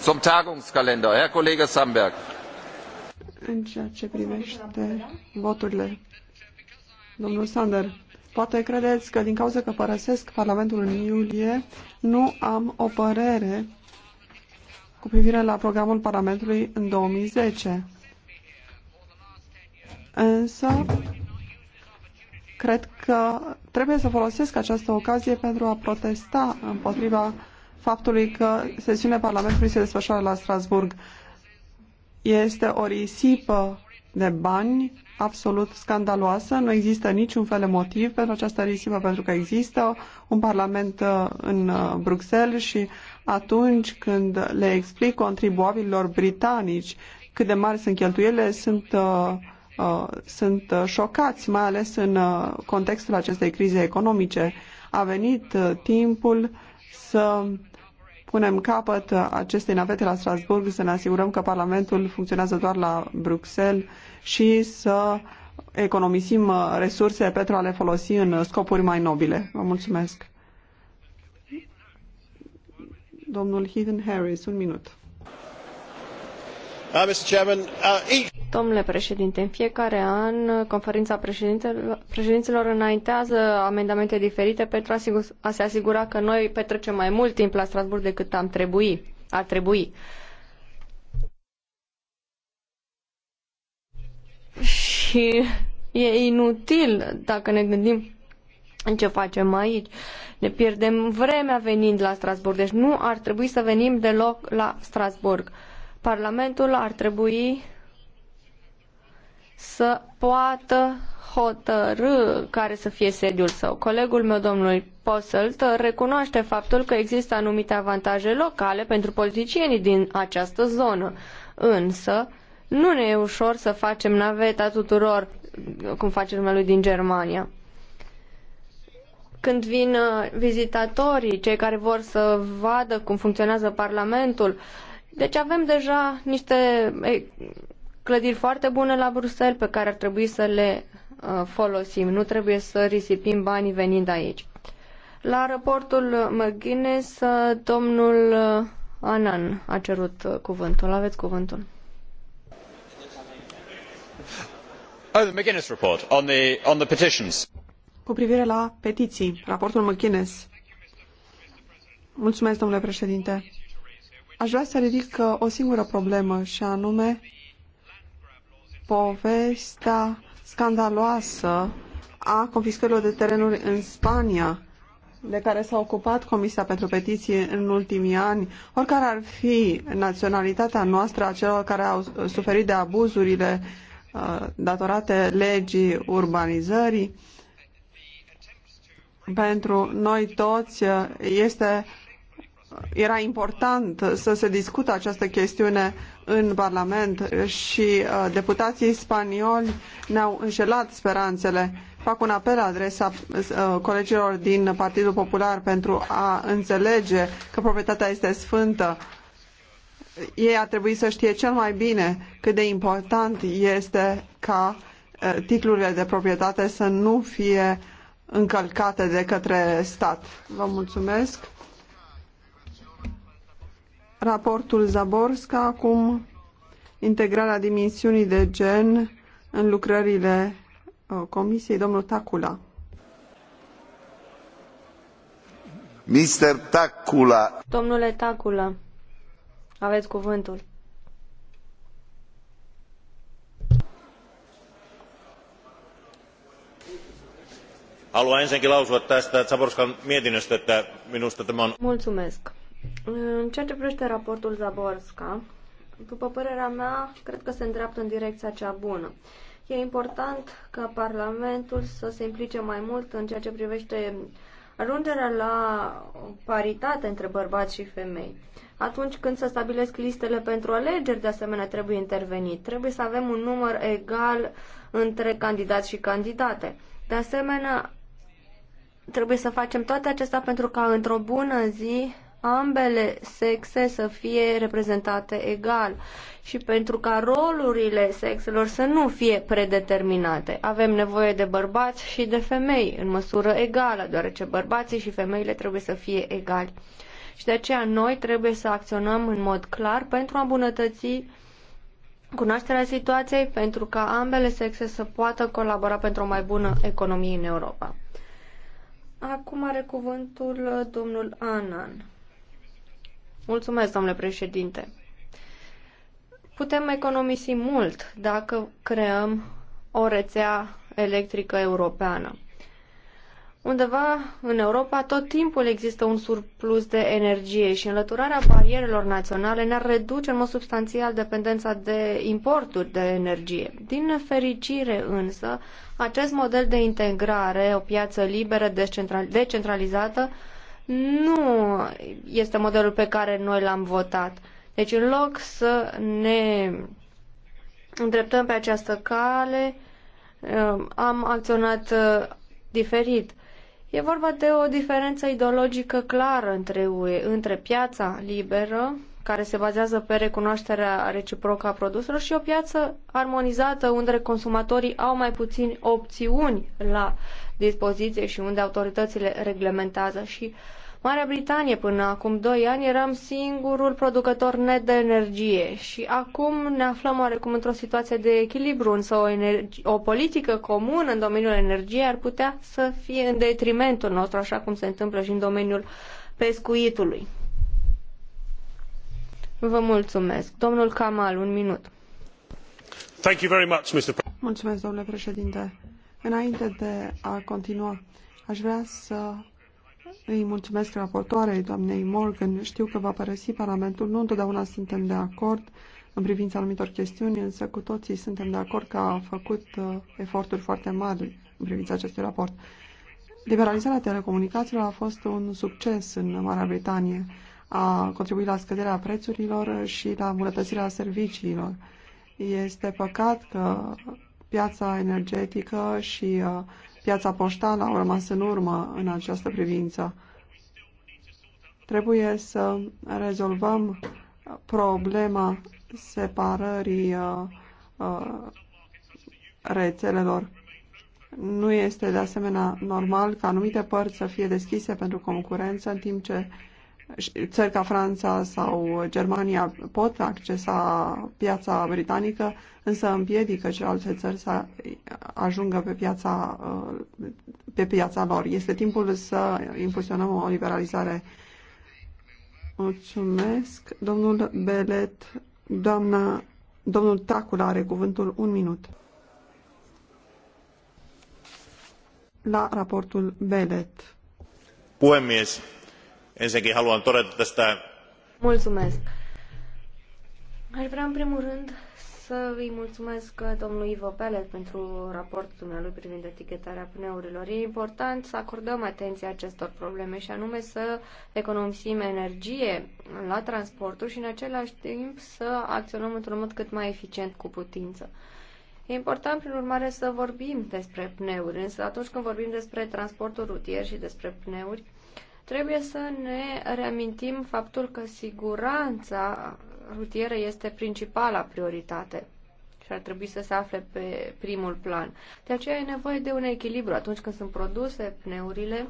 Zum Tagungskalender, Herr Kollege Samberg. În ceea ce privește voturile, domnul Sander, poate credeți că din cauza că părăsesc Parlamentul în iulie, nu am o părere cu privire la programul Parlamentului în 2010. Însă, cred că trebuie să folosesc această ocazie pentru a protesta împotriva faptului că sesiunea Parlamentului se desfășoară la Strasburg. Este o risipă de bani absolut scandaloasă. Nu există niciun fel de motiv pentru această risipă, pentru că există un parlament uh, în uh, Bruxelles și atunci când le explic contribuabililor britanici cât de mari sunt cheltuielile, sunt, uh, uh, sunt uh, șocați, mai ales în contextul acestei crize economice. A venit timpul să punem capăt acestei navete la Strasburg, să ne asigurăm că Parlamentul funcționează doar la Bruxelles și să economisim resurse pentru a le folosi în scopuri mai nobile. Vă mulțumesc. Domnul Heathen Harris, un minut. Uh, Mr. Chairman, uh, each... Domnule președinte, în fiecare an conferința președinților înaintează amendamente diferite pentru a, sigur, a se asigura că noi petrecem mai mult timp la Strasbourg decât am trebui, ar trebui. Și e inutil dacă ne gândim ce facem aici. Ne pierdem vremea venind la Strasbourg, deci nu ar trebui să venim deloc la Strasbourg. Parlamentul ar trebui să poată hotărâ care să fie sediul său. Colegul meu, domnul Posselt, recunoaște faptul că există anumite avantaje locale pentru politicienii din această zonă, însă nu ne e ușor să facem naveta tuturor, cum face lumea lui din Germania. Când vin uh, vizitatorii, cei care vor să vadă cum funcționează Parlamentul, deci avem deja niște clădiri foarte bune la Bruxelles pe care ar trebui să le uh, folosim. Nu trebuie să risipim banii venind aici. La raportul McGuinness, uh, domnul uh, Anan a cerut cuvântul. Aveți cuvântul. Oh, the McGuinness report on the, on the petitions. Cu privire la petiții, raportul McGuinness. Mulțumesc, domnule președinte. Aș vrea să ridic o singură problemă și anume povestea scandaloasă a confiscărilor de terenuri în Spania, de care s-a ocupat Comisia pentru Petiții în ultimii ani, oricare ar fi naționalitatea noastră a celor care au suferit de abuzurile uh, datorate legii urbanizării, pentru noi toți este era important să se discute această chestiune în Parlament și uh, deputații spanioli ne-au înșelat speranțele. Fac un apel la adresa uh, colegilor din Partidul Popular pentru a înțelege că proprietatea este sfântă. Ei ar trebui să știe cel mai bine cât de important este ca uh, titlurile de proprietate să nu fie încălcate de către stat. Vă mulțumesc! raportul Zaborska, acum integrarea dimensiunii de gen în lucrările uh, Comisiei, domnul Tacula. Mr. Tacula. Domnule Tacula, aveți cuvântul. Haluan ensinnäkin lausua tästä Zaborskan mietinnöstä, että minusta tämä on... Mulțumesc. În ceea ce privește raportul Zaborska, după părerea mea, cred că se îndreaptă în direcția cea bună. E important ca Parlamentul să se implice mai mult în ceea ce privește ajungerea la paritate între bărbați și femei. Atunci când se stabilesc listele pentru alegeri, de asemenea, trebuie intervenit. Trebuie să avem un număr egal între candidați și candidate. De asemenea, trebuie să facem toate acestea pentru ca într-o bună zi ambele sexe să fie reprezentate egal și pentru ca rolurile sexelor să nu fie predeterminate. Avem nevoie de bărbați și de femei în măsură egală, deoarece bărbații și femeile trebuie să fie egali. Și de aceea noi trebuie să acționăm în mod clar pentru a îmbunătăți cunoașterea situației, pentru ca ambele sexe să poată colabora pentru o mai bună economie în Europa. Acum are cuvântul domnul Anan. Mulțumesc, domnule președinte. Putem economisi mult dacă creăm o rețea electrică europeană. Undeva în Europa tot timpul există un surplus de energie și înlăturarea barierelor naționale ne-ar reduce în mod substanțial dependența de importuri de energie. Din nefericire însă, acest model de integrare, o piață liberă, decentralizată, nu este modelul pe care noi l-am votat. Deci în loc să ne îndreptăm pe această cale, um, am acționat uh, diferit. E vorba de o diferență ideologică clară între UE, între piața liberă care se bazează pe recunoașterea reciprocă a produselor și o piață armonizată unde consumatorii au mai puțini opțiuni la dispoziție și unde autoritățile reglementează și Marea Britanie până acum 2 ani eram singurul producător net de energie și acum ne aflăm oarecum într-o situație de echilibru, însă o, o politică comună în domeniul energiei ar putea să fie în detrimentul nostru, așa cum se întâmplă și în domeniul pescuitului. Vă mulțumesc. Domnul Kamal, un minut. Thank you very much, Mr. Mulțumesc, domnule președinte. Înainte de a continua, aș vrea să îi mulțumesc raportoarei, doamnei Morgan. Știu că va părăsi Parlamentul. Nu întotdeauna suntem de acord în privința anumitor chestiuni, însă cu toții suntem de acord că a făcut uh, eforturi foarte mari în privința acestui raport. Liberalizarea telecomunicațiilor a fost un succes în Marea Britanie a contribuit la scăderea prețurilor și la îmbunătățirea serviciilor. Este păcat că piața energetică și uh, piața poștală au rămas în urmă în această privință. Trebuie să rezolvăm problema separării uh, uh, rețelelor. Nu este de asemenea normal ca anumite părți să fie deschise pentru concurență, în timp ce țări ca Franța sau Germania pot accesa piața britanică, însă împiedică celelalte țări să ajungă pe piața, pe piața lor. Este timpul să impulsionăm o liberalizare. Mulțumesc. Domnul Belet, doamna, domnul Tacul are cuvântul un minut. La raportul Belet. Puhemies, Ensinnäkin haluan todeta tästä... Mulțumesc. vrea în primul rând să îi mulțumesc domnului Ivo Pelet pentru raportul dumnealui privind etichetarea pneurilor. E important să acordăm atenție acestor probleme și anume să economisim energie la transportul și în același timp să acționăm într-un mod cât mai eficient cu putință. E important, prin urmare, să vorbim despre pneuri, însă atunci când vorbim despre transportul rutier și despre pneuri, Trebuie să ne reamintim faptul că siguranța rutieră este principala prioritate și ar trebui să se afle pe primul plan. De aceea e nevoie de un echilibru atunci când sunt produse pneurile.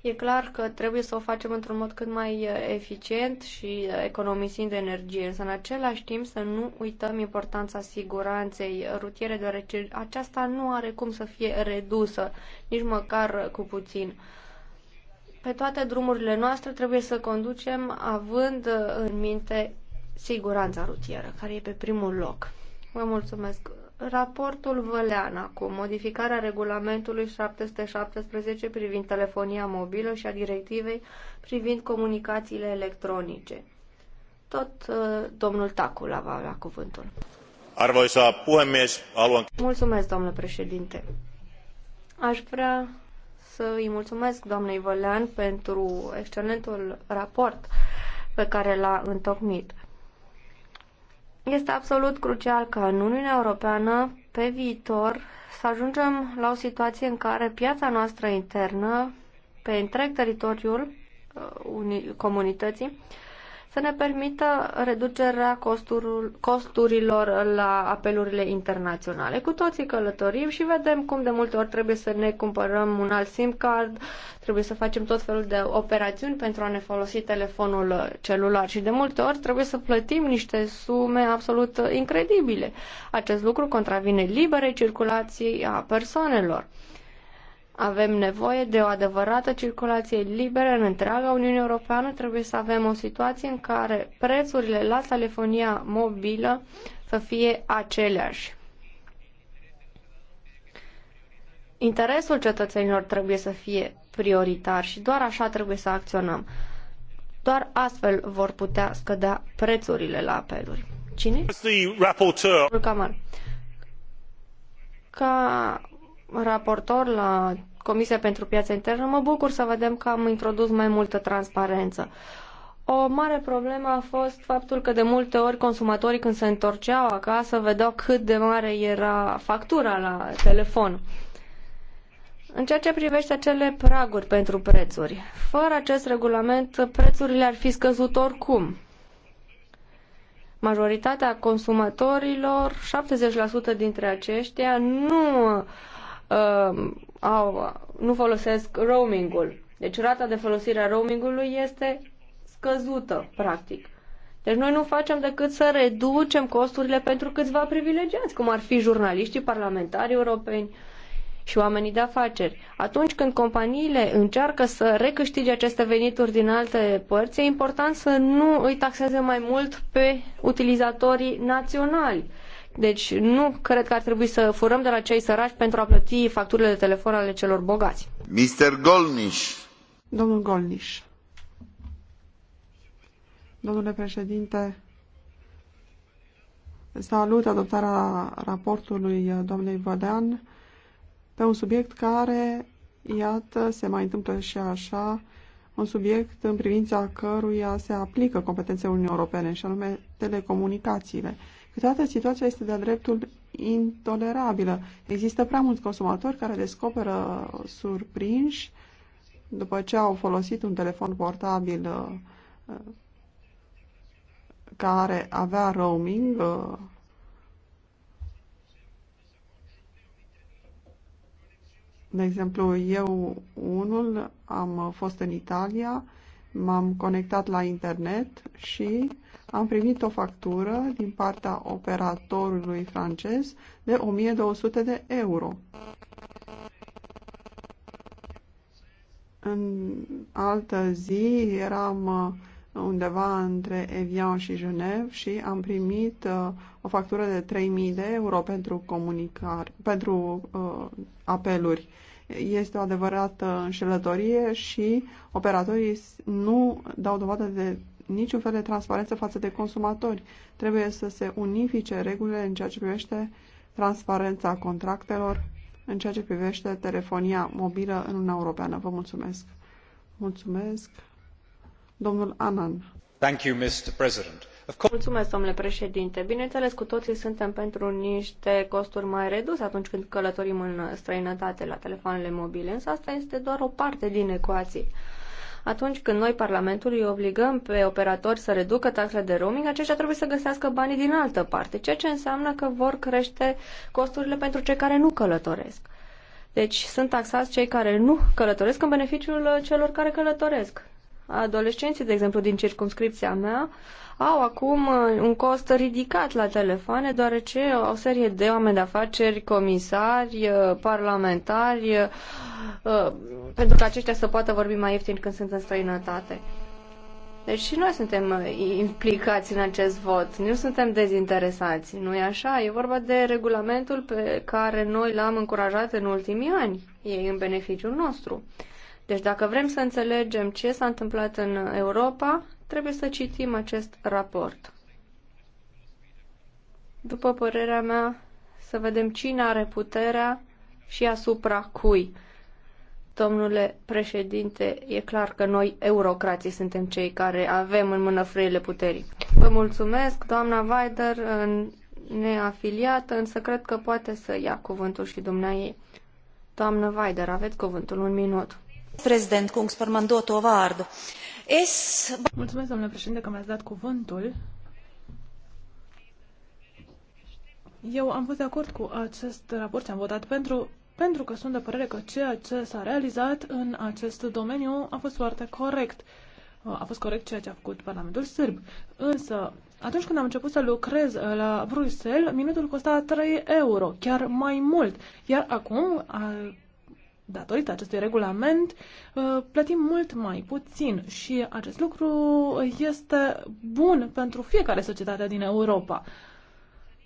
E clar că trebuie să o facem într-un mod cât mai uh, eficient și uh, economisind energie, însă în același timp să nu uităm importanța siguranței rutiere, deoarece aceasta nu are cum să fie redusă, nici măcar cu puțin. Pe toate drumurile noastre trebuie să conducem având uh, în minte siguranța rutieră, care e pe primul loc. Vă mulțumesc. Raportul Văleana cu modificarea regulamentului 717 privind telefonia mobilă și a directivei privind comunicațiile electronice. Tot uh, domnul Tacula va avea cuvântul. Arvoisa puhemies, haluan... Mulțumesc, domnule președinte. Aș vrea să îi mulțumesc doamnei Vălean pentru excelentul raport pe care l-a întocmit. Este absolut crucial ca în Uniunea Europeană, pe viitor, să ajungem la o situație în care piața noastră internă, pe întreg teritoriul uh, comunității, să ne permită reducerea costurilor la apelurile internaționale. Cu toții călătorim și vedem cum de multe ori trebuie să ne cumpărăm un alt SIM card, trebuie să facem tot felul de operațiuni pentru a ne folosi telefonul celular și de multe ori trebuie să plătim niște sume absolut incredibile. Acest lucru contravine liberei circulației a persoanelor. Avem nevoie de o adevărată circulație liberă în întreaga Uniune Europeană. Trebuie să avem o situație în care prețurile la telefonia mobilă să fie aceleași. Interesul cetățenilor trebuie să fie prioritar și doar așa trebuie să acționăm. Doar astfel vor putea scădea prețurile la apeluri. Cine? Ca raportor la Comisia pentru Piața Internă, mă bucur să vedem că am introdus mai multă transparență. O mare problemă a fost faptul că de multe ori consumatorii când se întorceau acasă vedeau cât de mare era factura la telefon. În ceea ce privește acele praguri pentru prețuri, fără acest regulament prețurile ar fi scăzut oricum. Majoritatea consumatorilor, 70% dintre aceștia, nu uh, au, nu folosesc roamingul. Deci rata de folosire a roamingului este scăzută, practic. Deci noi nu facem decât să reducem costurile pentru câțiva privilegiați, cum ar fi jurnaliștii, parlamentarii europeni și oamenii de afaceri. Atunci când companiile încearcă să recâștige aceste venituri din alte părți, e important să nu îi taxeze mai mult pe utilizatorii naționali deci nu cred că ar trebui să furăm de la cei săraci pentru a plăti facturile de telefon ale celor bogați. Mr. Golnish. Domnul Golnish. Domnule președinte, salut adoptarea raportului domnului Vădean pe un subiect care, iată, se mai întâmplă și așa, un subiect în privința căruia se aplică competențele Uniunii Europene, și anume telecomunicațiile. Câteodată situația este de-a dreptul intolerabilă. Există prea mulți consumatori care descoperă surprinși după ce au folosit un telefon portabil uh, uh, care avea roaming uh, De exemplu, eu unul am fost în Italia, m-am conectat la internet și am primit o factură din partea operatorului francez de 1200 de euro. În altă zi eram uh, undeva între Evian și Genève și am primit uh, o factură de 3000 de euro pentru comunicare, pentru uh, apeluri este o adevărată înșelătorie și operatorii nu dau dovadă de niciun fel de transparență față de consumatori. Trebuie să se unifice regulile în ceea ce privește transparența contractelor, în ceea ce privește telefonia mobilă în Uniunea Europeană. Vă mulțumesc. Mulțumesc. Domnul Anan. Thank you, Mr. President. Mulțumesc, domnule președinte. Bineînțeles, cu toții suntem pentru niște costuri mai reduse atunci când călătorim în străinătate la telefoanele mobile, însă asta este doar o parte din ecuație. Atunci când noi, Parlamentul, îi obligăm pe operatori să reducă taxele de roaming, aceștia trebuie să găsească banii din altă parte, ceea ce înseamnă că vor crește costurile pentru cei care nu călătoresc. Deci sunt taxați cei care nu călătoresc în beneficiul celor care călătoresc. Adolescenții, de exemplu, din circumscripția mea, uh, au acum uh, un cost ridicat la telefoane, deoarece o serie de oameni de afaceri, comisari, uh, parlamentari, uh, pentru că aceștia să poată vorbi mai ieftin când sunt în străinătate. Deci și noi suntem implicați în acest vot, nu suntem dezinteresați, nu e așa? E vorba de regulamentul pe care noi l-am încurajat în ultimii ani, e în beneficiul nostru. Deci dacă vrem să înțelegem ce s-a întâmplat în Europa, Trebuie să citim acest raport. După părerea mea, să vedem cine are puterea și asupra cui. Domnule președinte, e clar că noi, eurocrații, suntem cei care avem în mână frâiele puterii. Vă mulțumesc, doamna Weider, neafiliată, însă cred că poate să ia cuvântul și dumnea ei. Doamnă Weider, aveți cuvântul un minut. Prezident cum par două Mulțumesc, domnule președinte, că mi-ați dat cuvântul. Eu am fost de acord cu acest raport și am votat pentru, pentru că sunt de părere că ceea ce s-a realizat în acest domeniu a fost foarte corect. A fost corect ceea ce a făcut Parlamentul Sârb. Însă, atunci când am început să lucrez la Bruxelles, minutul costa 3 euro, chiar mai mult. Iar acum, datorită acestui regulament, uh, plătim mult mai puțin și acest lucru este bun pentru fiecare societate din Europa.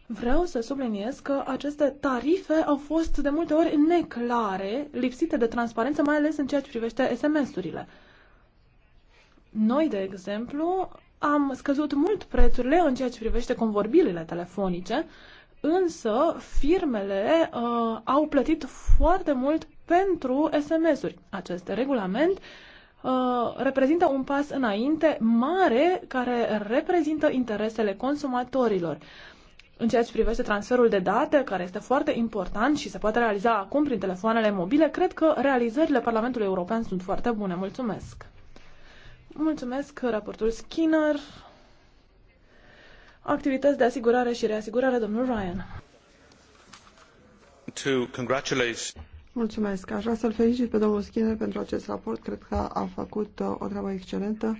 Vreau să subliniez că aceste tarife au fost de multe ori neclare, lipsite de transparență, mai ales în ceea ce privește SMS-urile. Noi, de exemplu, am scăzut mult prețurile în ceea ce privește convorbirile telefonice, însă firmele uh, au plătit foarte mult pentru SMS-uri. Acest regulament uh, reprezintă un pas înainte mare care reprezintă interesele consumatorilor. În ceea ce privește transferul de date, care este foarte important și se poate realiza acum prin telefoanele mobile, cred că realizările Parlamentului European sunt foarte bune. Mulțumesc! Mulțumesc, raportul Skinner. Activități de asigurare și reasigurare, domnul Ryan. To congratulate Mulțumesc. Aș vrea să-l felicit pe domnul Skinner pentru acest raport. Cred că a făcut uh, o treabă excelentă.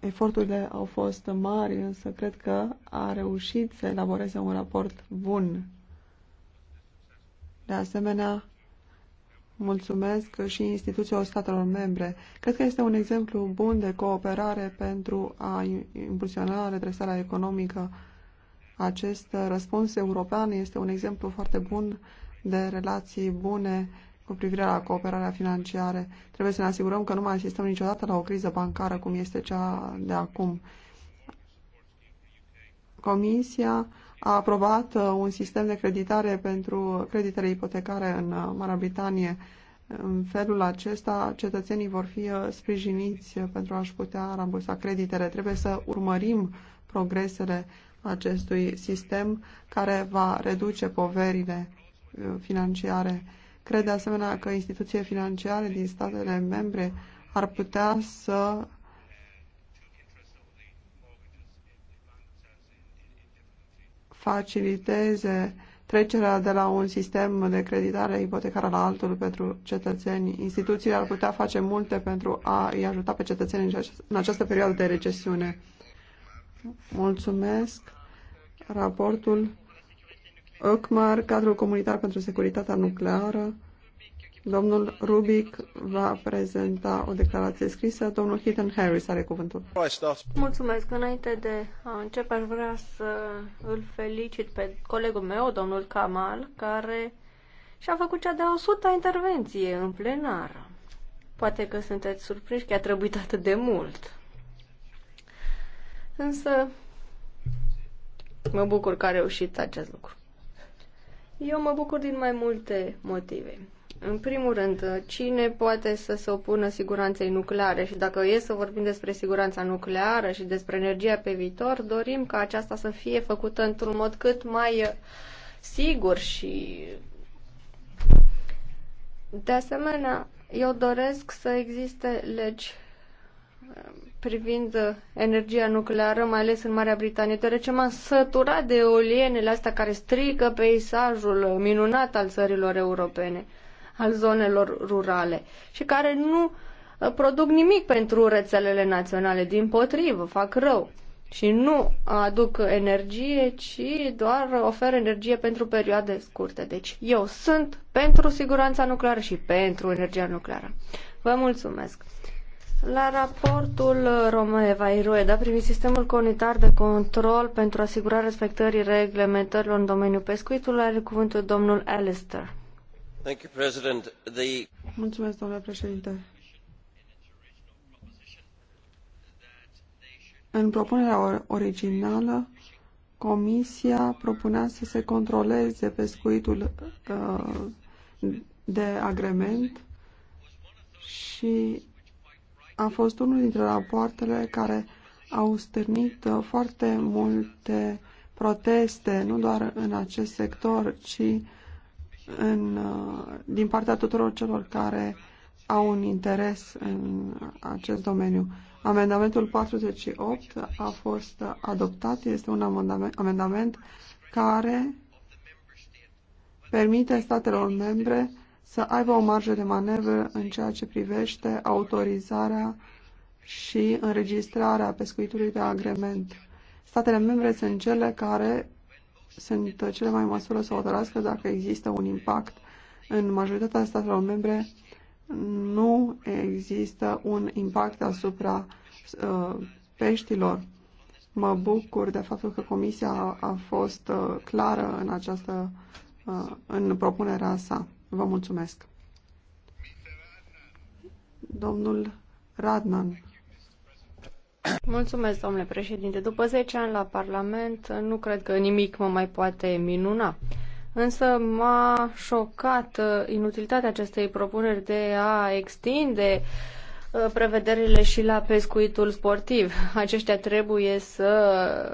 Eforturile au fost mari, însă cred că a reușit să elaboreze un raport bun. De asemenea, mulțumesc și instituțiilor statelor membre. Cred că este un exemplu bun de cooperare pentru a impulsiona redresarea economică. Acest răspuns european este un exemplu foarte bun de relații bune cu privire la cooperarea financiară. Trebuie să ne asigurăm că nu mai asistăm niciodată la o criză bancară cum este cea de acum. Comisia a aprobat uh, un sistem de creditare pentru creditele ipotecare în uh, Marea Britanie. În felul acesta, cetățenii vor fi uh, sprijiniți pentru a-și putea rambursa creditele. Trebuie să urmărim progresele acestui sistem care va reduce poverile financiare. Cred de asemenea că instituții financiare din statele membre ar putea să faciliteze trecerea de la un sistem de creditare ipotecară la altul pentru cetățeni. Instituțiile ar putea face multe pentru a îi ajuta pe cetățeni în această perioadă de recesiune. Mulțumesc. Raportul Ökmar, cadrul comunitar pentru securitatea nucleară. Domnul Rubic va prezenta o declarație scrisă. Domnul Hidden Harris are cuvântul. Mulțumesc. Înainte de a începe, aș vrea să îl felicit pe colegul meu, domnul Kamal, care și-a făcut cea de-a 100 intervenție în plenară. Poate că sunteți surprinși că a trebuit atât de mult. Însă, mă bucur că a reușit acest lucru. Eu mă bucur din mai multe motive. În primul rând, cine poate să se opună siguranței nucleare și dacă e să vorbim despre siguranța nucleară și despre energia pe viitor, dorim ca aceasta să fie făcută într-un mod cât mai uh, sigur și de asemenea, eu doresc să existe legi um, privind uh, energia nucleară, mai ales în Marea Britanie, deoarece m-am săturat de eolienele astea care strică peisajul uh, minunat al țărilor europene, al zonelor rurale și care nu uh, produc nimic pentru rețelele naționale, din potrivă, fac rău și nu aduc energie, ci doar oferă energie pentru perioade scurte. Deci eu sunt pentru siguranța nucleară și pentru energia nucleară. Vă mulțumesc! La raportul uh, Romeva Irueda privind sistemul comunitar de control pentru asigurarea respectării reglementărilor în domeniul pescuitului are cuvântul domnul Alistair. Mulțumesc, domnule președinte. În propunerea originală, Comisia propunea să se controleze pescuitul uh, de agrement și a fost unul dintre rapoartele care au stârnit uh, foarte multe proteste, nu doar în acest sector, ci în, uh, din partea tuturor celor care au un interes în acest domeniu. Amendamentul 48 a fost adoptat, este un amendament, amendament care permite statelor membre să aibă o marjă de manevră în ceea ce privește autorizarea și înregistrarea pescuitului de agrement. Statele membre sunt cele care sunt cele mai măsură să hotărască dacă există un impact. În majoritatea statelor membre nu există un impact asupra uh, peștilor. Mă bucur de faptul că Comisia a, a fost uh, clară în această uh, în propunerea sa. Vă mulțumesc. Domnul Radnan. Mulțumesc, domnule președinte. După 10 ani la Parlament, nu cred că nimic mă mai poate minuna. Însă m-a șocat uh, inutilitatea acestei propuneri de a extinde uh, prevederile și la pescuitul sportiv. Aceștia trebuie să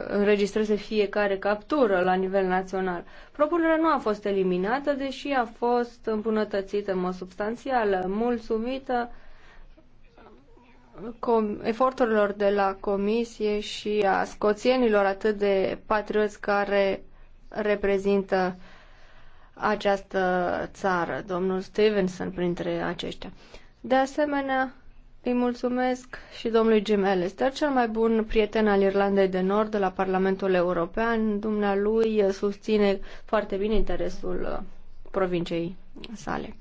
înregistreze fiecare captură la nivel național. Propunerea nu a fost eliminată, deși a fost îmbunătățită în mod substanțial, mulțumită eforturilor de la comisie și a scoțienilor atât de patrioți care reprezintă această țară, domnul Stevenson printre aceștia. De asemenea, îi mulțumesc și domnului Jim Allister, cel mai bun prieten al Irlandei de Nord de la Parlamentul European. Dumnealui susține foarte bine interesul uh, provinciei sale.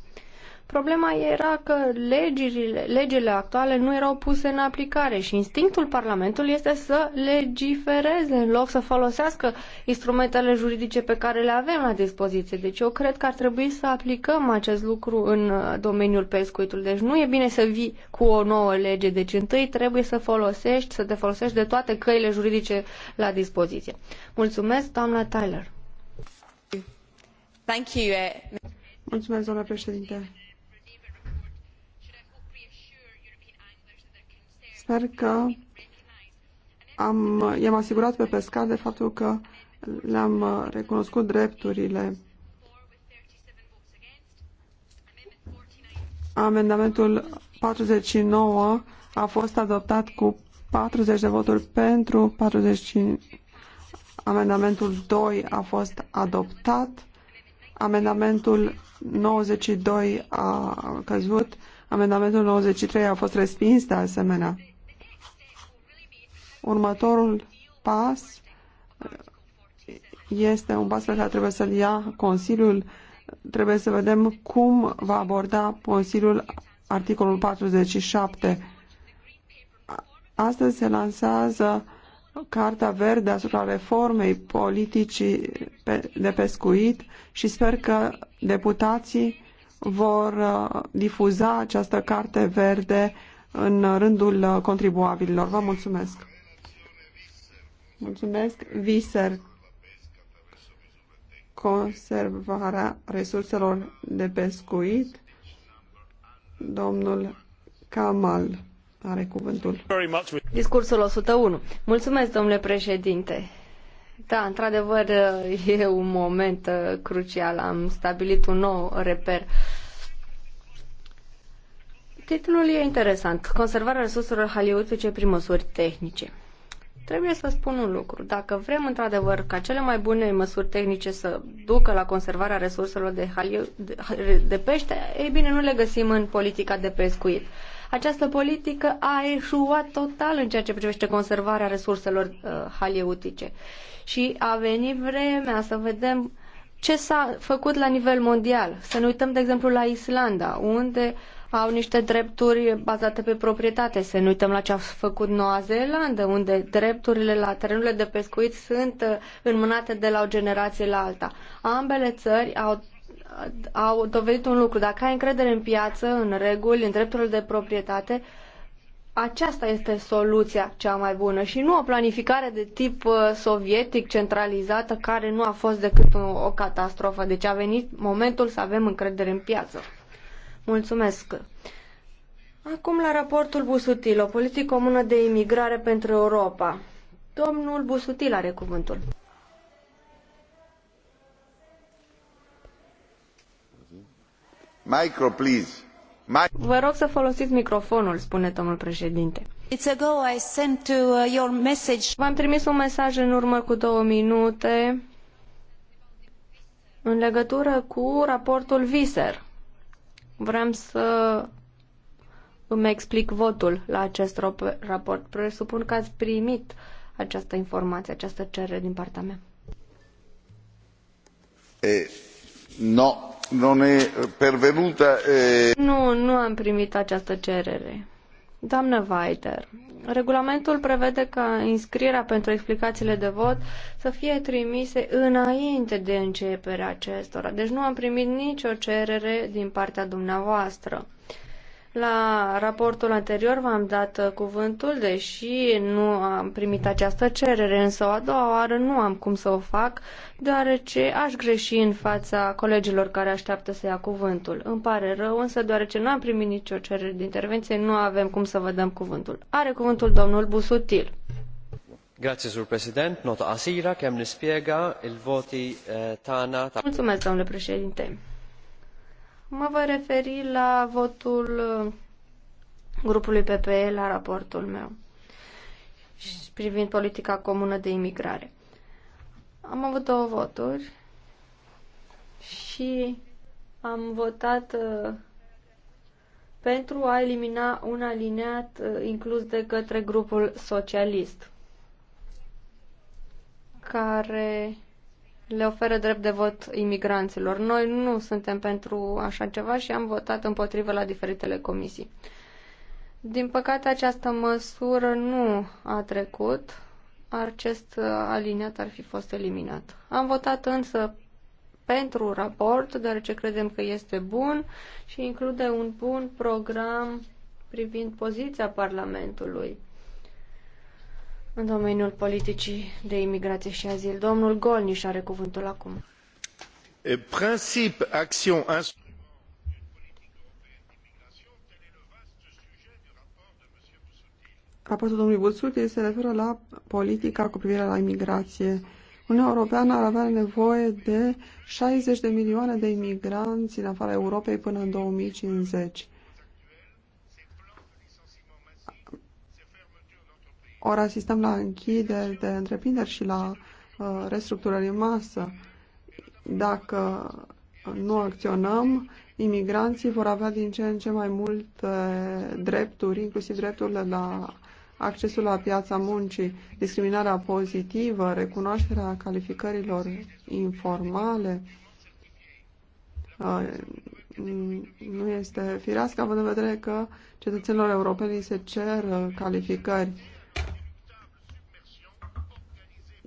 Problema era că legile, legile actuale nu erau puse în aplicare și instinctul Parlamentului este să legifereze în loc să folosească instrumentele juridice pe care le avem la dispoziție. Deci eu cred că ar trebui să aplicăm acest lucru în uh, domeniul pescuitului. Deci nu e bine să vii cu o nouă lege. Deci întâi trebuie să folosești, să te folosești de toate căile juridice la dispoziție. Mulțumesc, doamna Tyler. Thank you. Eh, Mulțumesc, doamna președinte. Sper că am, i-am asigurat pe pescar de faptul că le-am recunoscut drepturile. Amendamentul 49 a fost adoptat cu 40 de voturi pentru, 45. Amendamentul 2 a fost adoptat. Amendamentul 92 a căzut. Amendamentul 93 a fost respins de asemenea. Următorul pas este un pas pe care trebuie să-l ia Consiliul. Trebuie să vedem cum va aborda Consiliul articolul 47. Astăzi se lansează Carta Verde asupra reformei politicii de pescuit și sper că deputații vor uh, difuza această carte verde în rândul uh, contribuabililor. Vă mulțumesc! Mulțumesc. Viser. Conservarea resurselor de pescuit. Domnul Kamal are cuvântul. Discursul 101. Mulțumesc, domnule președinte. Da, într-adevăr, e un moment uh, crucial. Am stabilit un nou reper. Titlul e interesant. Conservarea resurselor pe prin măsuri tehnice. Trebuie să spun un lucru. Dacă vrem într-adevăr ca cele mai bune măsuri tehnice să ducă la conservarea resurselor de, haliu, de, de pește, ei bine, nu le găsim în politica de pescuit. Această politică a eșuat total în ceea ce privește conservarea resurselor uh, halieutice. Și a venit vremea să vedem ce s-a făcut la nivel mondial. Să ne uităm, de exemplu, la Islanda, unde au niște drepturi bazate pe proprietate. Să nu uităm la ce a făcut Noua Zeelandă, unde drepturile la terenurile de pescuit sunt uh, înmânate de la o generație la alta. Ambele țări au uh, au dovedit un lucru. Dacă ai încredere în piață, în reguli, în drepturile de proprietate, aceasta este soluția cea mai bună și nu o planificare de tip uh, sovietic centralizată care nu a fost decât o, o catastrofă. Deci a venit momentul să avem încredere în piață. Mulțumesc! Acum la raportul Busutil, o politică comună de imigrare pentru Europa. Domnul Busutil are cuvântul. Micro, please. My... Vă rog să folosiți microfonul, spune domnul președinte. It's ago I sent to uh, your message. V-am trimis un mesaj în urmă cu două minute în legătură cu raportul Viser Vreau să îmi explic votul la acest raport. Presupun că ați primit această informație, această cerere din partea mea. E, no, non e pervenuta. E... Nu, nu am primit această cerere. Doamnă Weider, regulamentul prevede ca inscrierea pentru explicațiile de vot să fie trimise înainte de începerea acestora. Deci nu am primit nicio cerere din partea dumneavoastră. La raportul anterior v-am dat uh, cuvântul, deși nu am primit această cerere, însă o a doua oară nu am cum să o fac, deoarece aș greși în fața colegilor care așteaptă să ia cuvântul. Îmi pare rău, însă deoarece nu am primit nicio cerere de intervenție, nu avem cum să vă dăm cuvântul. Are cuvântul domnul Busutil. Grazie, sur president. Nota asira, ne spiega il-voti eh, tana. Mulțumesc, domnule președinte. Mă voi referi la votul uh, grupului PPE la raportul meu privind politica comună de imigrare. Am avut două voturi și am votat uh, pentru a elimina un alineat uh, inclus de către grupul socialist care le oferă drept de vot imigranților. Noi nu suntem pentru așa ceva și am votat împotrivă la diferitele comisii. Din păcate, această măsură nu a trecut. Acest aliniat ar fi fost eliminat. Am votat însă pentru raport, deoarece credem că este bun și include un bun program privind poziția Parlamentului în domeniul politicii de imigrație și azil. Domnul Golniș are cuvântul acum. Princip, acțiune, Raportul domnului Buțuchi se referă la politica cu privire la imigrație. Uniunea Europeană ar avea nevoie de 60 de milioane de imigranți în afara Europei până în 2050. Ori asistăm la închideri de întreprinderi și la uh, restructurări în masă. Dacă nu acționăm, imigranții vor avea din ce în ce mai multe drepturi, inclusiv drepturile la accesul la piața muncii, discriminarea pozitivă, recunoașterea calificărilor informale. Uh, nu este firească, având în vedere că cetățenilor europeni se cer calificări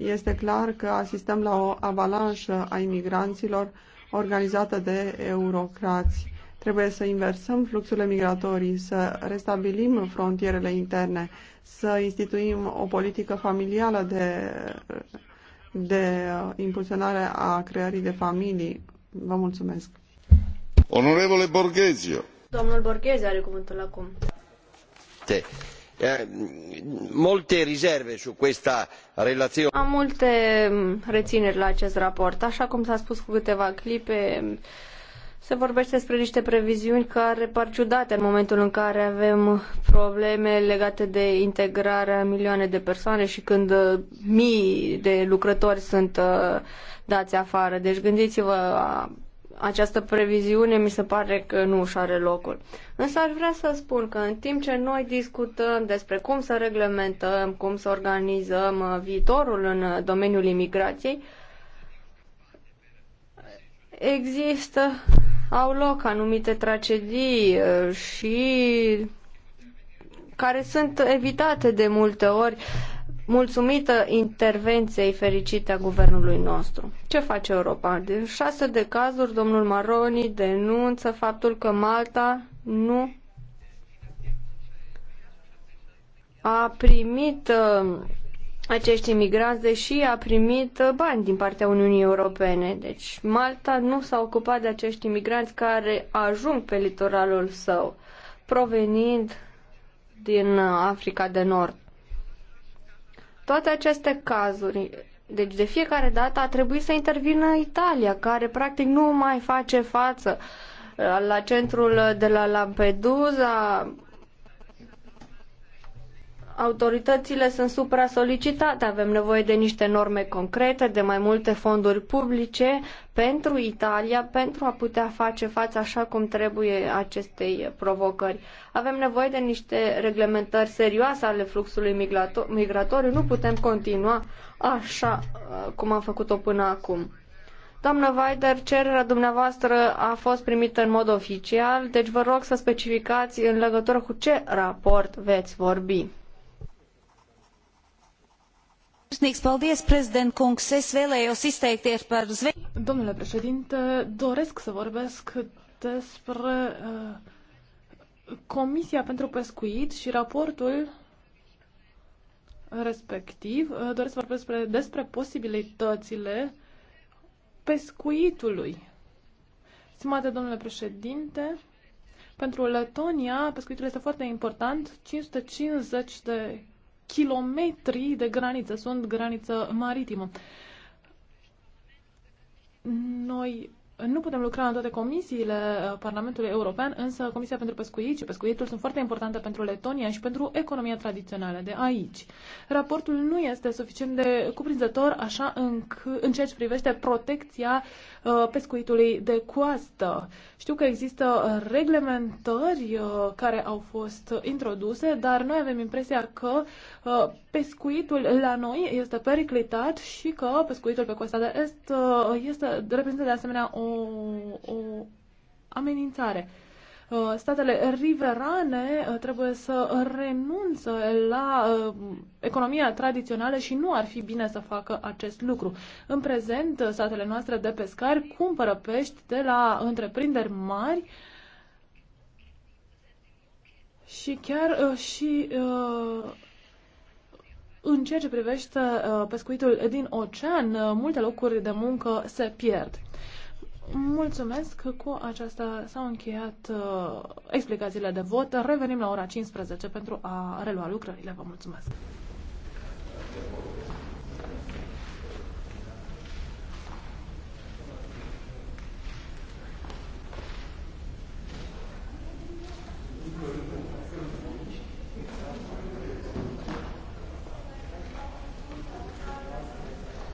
este clar că asistăm la o avalanșă a imigranților organizată de eurocrați. Trebuie să inversăm fluxurile migratorii, să restabilim frontierele interne, să instituim o politică familială de, de impulsionare a creării de familii. Vă mulțumesc. Onorevole Borghezio. Domnul Borghezio are cuvântul acum. Te. Eh, multe rezerve su questa relazione. Am multe mm, rețineri la acest raport. Așa cum s-a spus cu câteva clipe, mm, se vorbește despre niște previziuni care par ciudate în momentul în care avem probleme legate de integrarea milioane de persoane și când uh, mii de lucrători sunt uh, dați afară. Deci gândiți-vă această previziune mi se pare că nu își are locul. Însă aș vrea să spun că în timp ce noi discutăm despre cum să reglementăm, cum să organizăm uh, viitorul în uh, domeniul imigrației, există, au loc anumite tragedii uh, și care sunt evitate de multe ori mulțumită intervenției fericite a guvernului nostru. Ce face Europa? De șase de cazuri, domnul Maroni denunță faptul că Malta nu a primit uh, acești imigranți, deși a primit uh, bani din partea Uniunii Europene. Deci Malta nu s-a ocupat de acești imigranți care ajung pe litoralul său, provenind din uh, Africa de Nord toate aceste cazuri, deci de fiecare dată a trebuit să intervină Italia, care practic nu mai face față uh, la centrul de la Lampedusa, autoritățile sunt supra-solicitate. Avem nevoie de niște norme concrete, de mai multe fonduri publice pentru Italia, pentru a putea face față așa cum trebuie acestei provocări. Avem nevoie de niște reglementări serioase ale fluxului migrator migratoriu. Nu putem continua așa uh, cum am făcut-o până acum. Doamnă Weider, cererea dumneavoastră a fost primită în mod oficial, deci vă rog să specificați în legătură cu ce raport veți vorbi. Domnule președinte, doresc să vorbesc despre uh, Comisia pentru Pescuit și raportul respectiv. Uh, doresc să vorbesc despre, despre posibilitățile pescuitului. Stimate domnule președinte, pentru Letonia pescuitul este foarte important, 550 de kilometri de graniță, sunt graniță maritimă. Noi nu putem lucra în toate comisiile uh, Parlamentului European, însă Comisia pentru Pescuit și pescuitul sunt foarte importante pentru Letonia și pentru economia tradițională de aici. Raportul nu este suficient de cuprinzător așa în, în ceea ce privește protecția uh, pescuitului de coastă. Știu că există reglementări uh, care au fost introduse, dar noi avem impresia că pescuitul la noi este periclitat și că pescuitul pe coasta de est este reprezintă de asemenea o o amenințare. Uh, statele riverane uh, trebuie să renunță la uh, economia tradițională și nu ar fi bine să facă acest lucru. În prezent, statele noastre de pescari cumpără pești de la întreprinderi mari și chiar și în ceea ce privește pescuitul din ocean, multe locuri de muncă se pierd. Mulțumesc. Cu aceasta s-au încheiat uh, explicațiile de vot. Revenim la ora 15 pentru a relua lucrările. Vă mulțumesc.